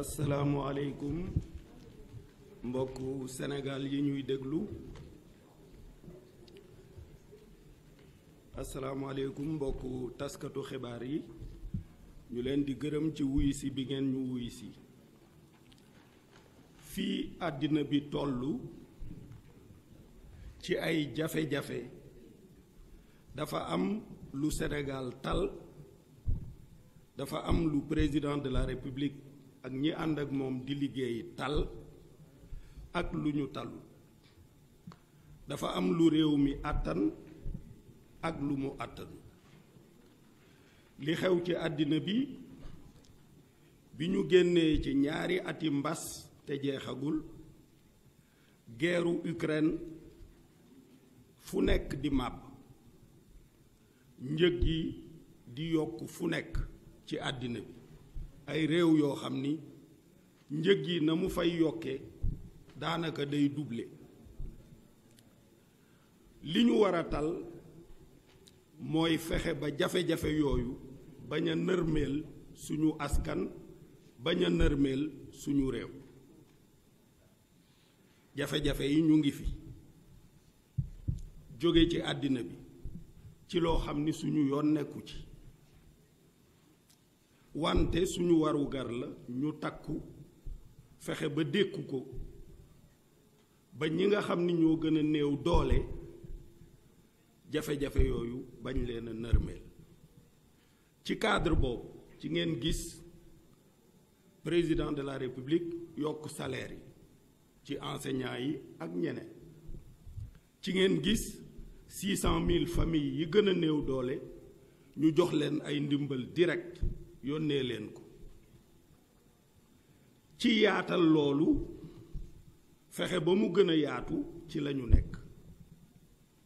asalaamualeykum mbokk senegaal yi ñuy déglu asalaamualeykum mbokku taskatu xibaar yi ñu leen di gërëm ci wuy si bi ngeen ñu wuy si fii àddina bi tollu ci ay jafe-jafe dafa am lu senegaal tal dafa am lu président de la république ak ñi and ak mom di liggéey tal ak lu ñu talu dafa am lu réew mi àttan ak lu mu àttan li xew ci àddina bi bi ñu génnee ci ñaari ati mbas te jeexagul guerre Ukraine fu nekk di map njëg yi di yokk fu nekk ci àddina bi ay réew yoo xam ni njëg yi na mu fay yokke daanaka day duble li ñu war a tal mooy fexe ba jafe-jafe yooyu bañ a nërmeel suñu askan bañ a nërmeel suñu réew jafe-jafe yi ñu ngi fi jóge ci àddina bi ci loo xam ni suñu yoon nekku ci wante suñu warugar la ñu takku fexe ba dékku ko ba ñi nga xam ni ñoo gën a néew doole jafe-jafe yooyu bañ leen a nërmeel ci cadre boobu ci ngeen gis président de la république yokk saleer yi ci enseignants yi ak ñeneen ci ngeen gis six cent mille familles yi gën a néew doole ñu jox leen ay ndimbal direct yónnee leen ko ci yaatal loolu fexe ba mu gën a yaatu ci lañu nekk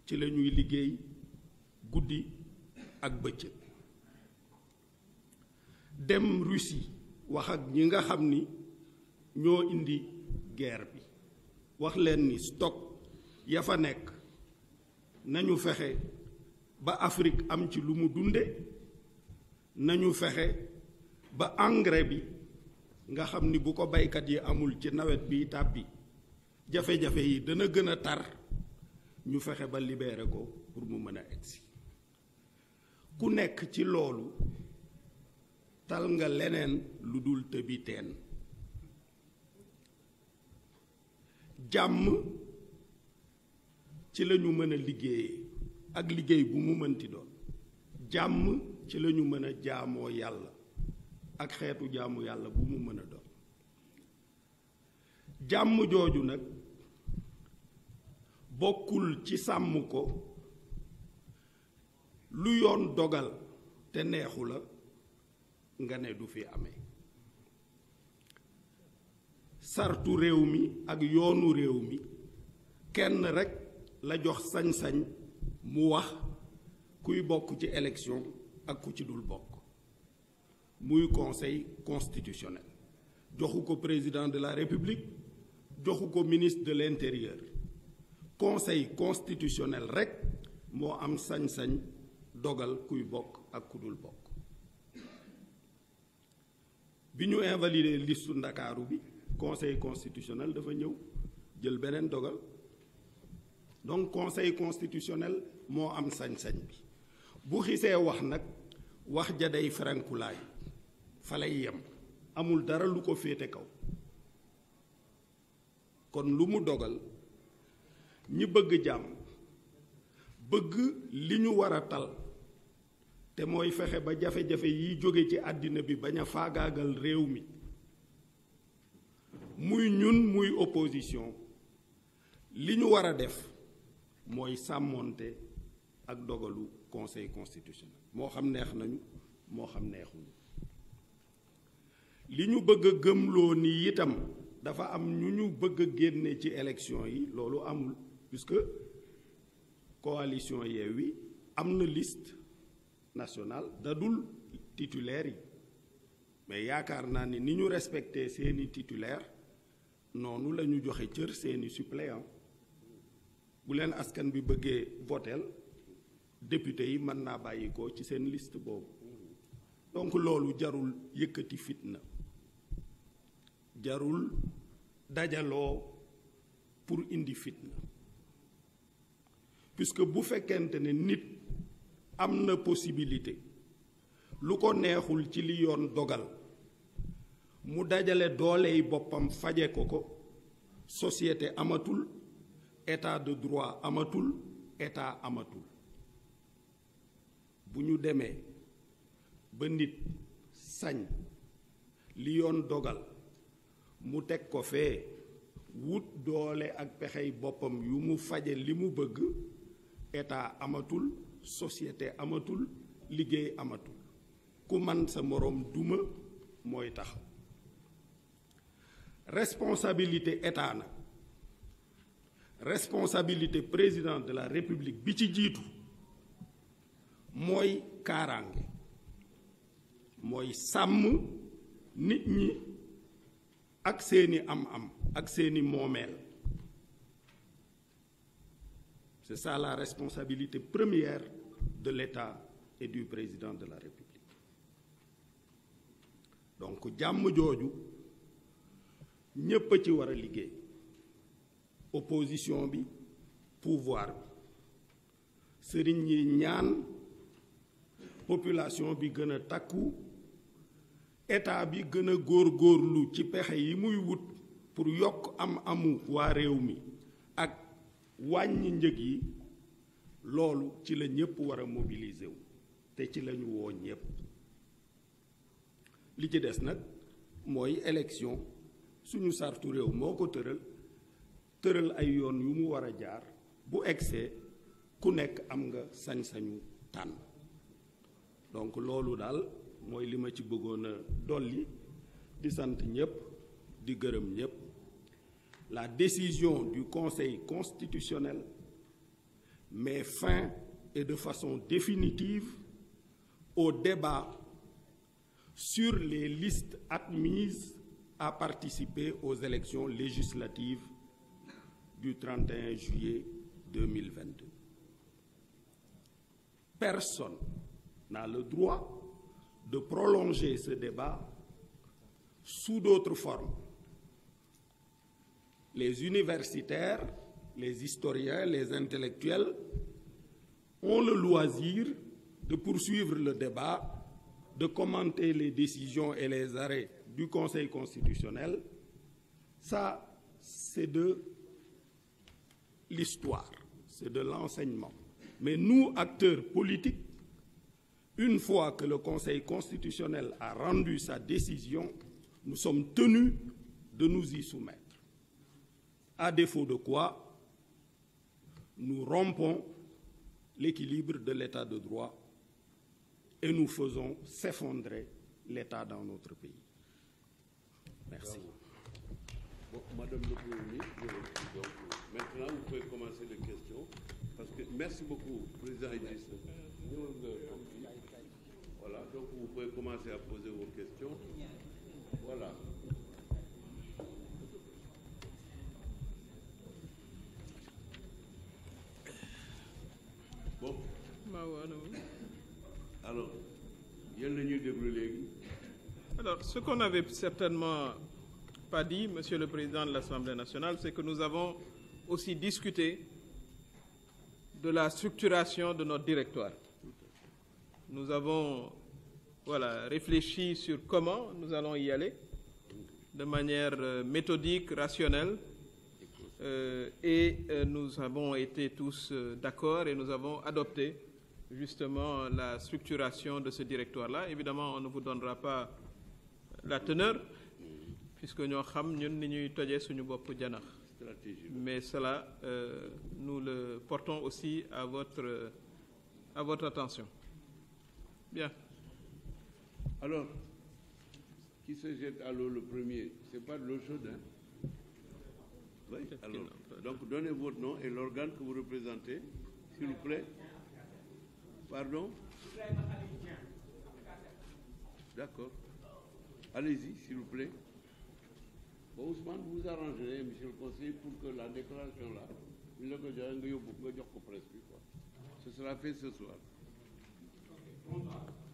ci lañuy liggéey guddi ak bëccëg dem Russie wax ak ñi nga xam ni ñoo indi guerre bi wax leen ni stock ya fa nekk nañu fexe ba afrig am ci lu mu dunde nañu fexe ba engrais bi nga xam ni bu ko baykat yi amul ci nawet bi tàbbi jafe-jafe yi dana gën a tar ñu fexe ba libéré ko pour mu mën a egsi ku nekk ci loolu tal nga leneen lu dul tëbi teen jàmm ci lañu ñu mën a liggéeyee ak liggéey bu mu mënti doon jàmm ci la ñu mën a jaamoo yàlla ak xeetu jàmm yàlla bu mu mën a doon jàmm jooju nag bokkul ci sàmm ko lu yoon dogal te neexu la nga ne du fi amee sartu réew mi ak yoonu réew mi kenn rekk la jox sañ-sañ mu wax kuy bokk ci élection ak ku ci dul bokk muy conseil constitutionnel joxu le président de la république joxu le ministre de l'intérieur conseil constitutionnel rek mo am sañ-sañ dogal kuy bok ak kudul bok biñu invalider conseil constitutionnel dafa ñew jël dogal donc conseil constitutionnel mo am sañ-sañ bi bu xisee wax wax ja day fale lay yem amul dara lu ko féete kaw kon lu mu dogal ñi bëgg jàmm bëgg li ñu war a tal te mooy fexe ba jafe-jafe yi jóge ci àddina bi bañ a faagaagal réew mi muy ñun muy opposition li ñu war a def mooy sàmmoonte ak dogalu conseil constitutionnel moo xam neex nañu moo xam neexul li ñu bëgg a gëmloo nii itam dafa am ñu ñu bëgg a génne ci élection yi loolu amul puisque coalition yi am na liste nationale dadul titulaire yi mais yaakaar naa ni ni ñu respecté seeni titulaire noonu la ñu joxe cër seeni suppléant bu leen askan bi bëggee votel député yi mën naa bàyyikoo ci seen liste boobu donc loolu jarul yëkkati fitna jarul dajaloo pour Indifit. puisque bu fekkente ne nit possibilité lu ko neexul dogal mu dajale dooley boppam faje ko société amatul état de droit amatul état amatul bu ñu demee ba lion dogal mu teg ko fee wut doole ak pexey boppam yu mu faje li mu bëgg état amatul société amatul liggéey amatul ku man sa morom duma mooy tax responsabilité état responsabilité président de la république bi ci jiitu mooy kaaraange mooy sàmm nit ak à am-am ak c'est ça la responsabilité première de l'État et du président de la République donc jàmm jooju ñépp ci war opposition bi pouvoir bi sëriñ population bi gën takku état bi gën a góorlu ci pexe yi muy wut pour yokk am amu waa réew mi ak wàññi njëg yi loolu ci la ñépp war a mobiliser wu te ci lañu woo ñépp li ci des nag mooy élection suñu sartu réew moo ko tëral tëral ay yoon yu mu war a jaar bu egsee ku nekk am nga sañ-sañu tànn donc loolu daal la décision du Conseil constitutionnel met fin et de façon définitive au débat sur les listes admises à participer aux élections législatives du 31 juillet 2022. Personne n'a le droit de prolonger ce débat sous d'autres formes. Les universitaires, les historiens, les intellectuels ont le loisir de poursuivre le débat, de commenter les décisions et les arrêts du Conseil constitutionnel. Ça, c'est de l'histoire, c'est de l'enseignement. Mais nous, acteurs politiques, une fois que le Conseil constitutionnel a rendu sa décision, nous sommes tenus de nous y soumettre. À défaut de quoi, nous rompons l'équilibre de l'état de droit et nous faisons s'effondrer l'état dans notre pays. Merci. Madame le Président. maintenant vous pouvez commencer les questions. Parce que, merci beaucoup, Président voilà, donc vous pouvez commencer à poser vos questions. Voilà. Bon. Bah alors, alors, ce qu'on n'avait certainement pas dit, Monsieur le Président de l'Assemblée nationale, c'est que nous avons aussi discuté de la structuration de notre directoire. Nous avons voilà, réfléchi sur comment nous allons y aller de manière euh, méthodique, rationnelle. Euh, et euh, nous avons été tous d'accord et nous avons adopté justement la structuration de ce directoire-là. Évidemment, on ne vous donnera pas la teneur, puisque nous savons nous Mais cela, nous le portons aussi à votre, à votre attention. Bien. Alors, qui se jette à l'eau le premier C'est pas de l'eau chaude, hein? Oui, alors. Donc, donnez votre nom et l'organe que vous représentez, s'il vous plaît. Pardon D'accord. Allez-y, s'il vous plaît. Bon, Ousmane, vous arrangerez, monsieur le Conseil, pour que la déclaration-là, ce sera fait ce soir. Montag.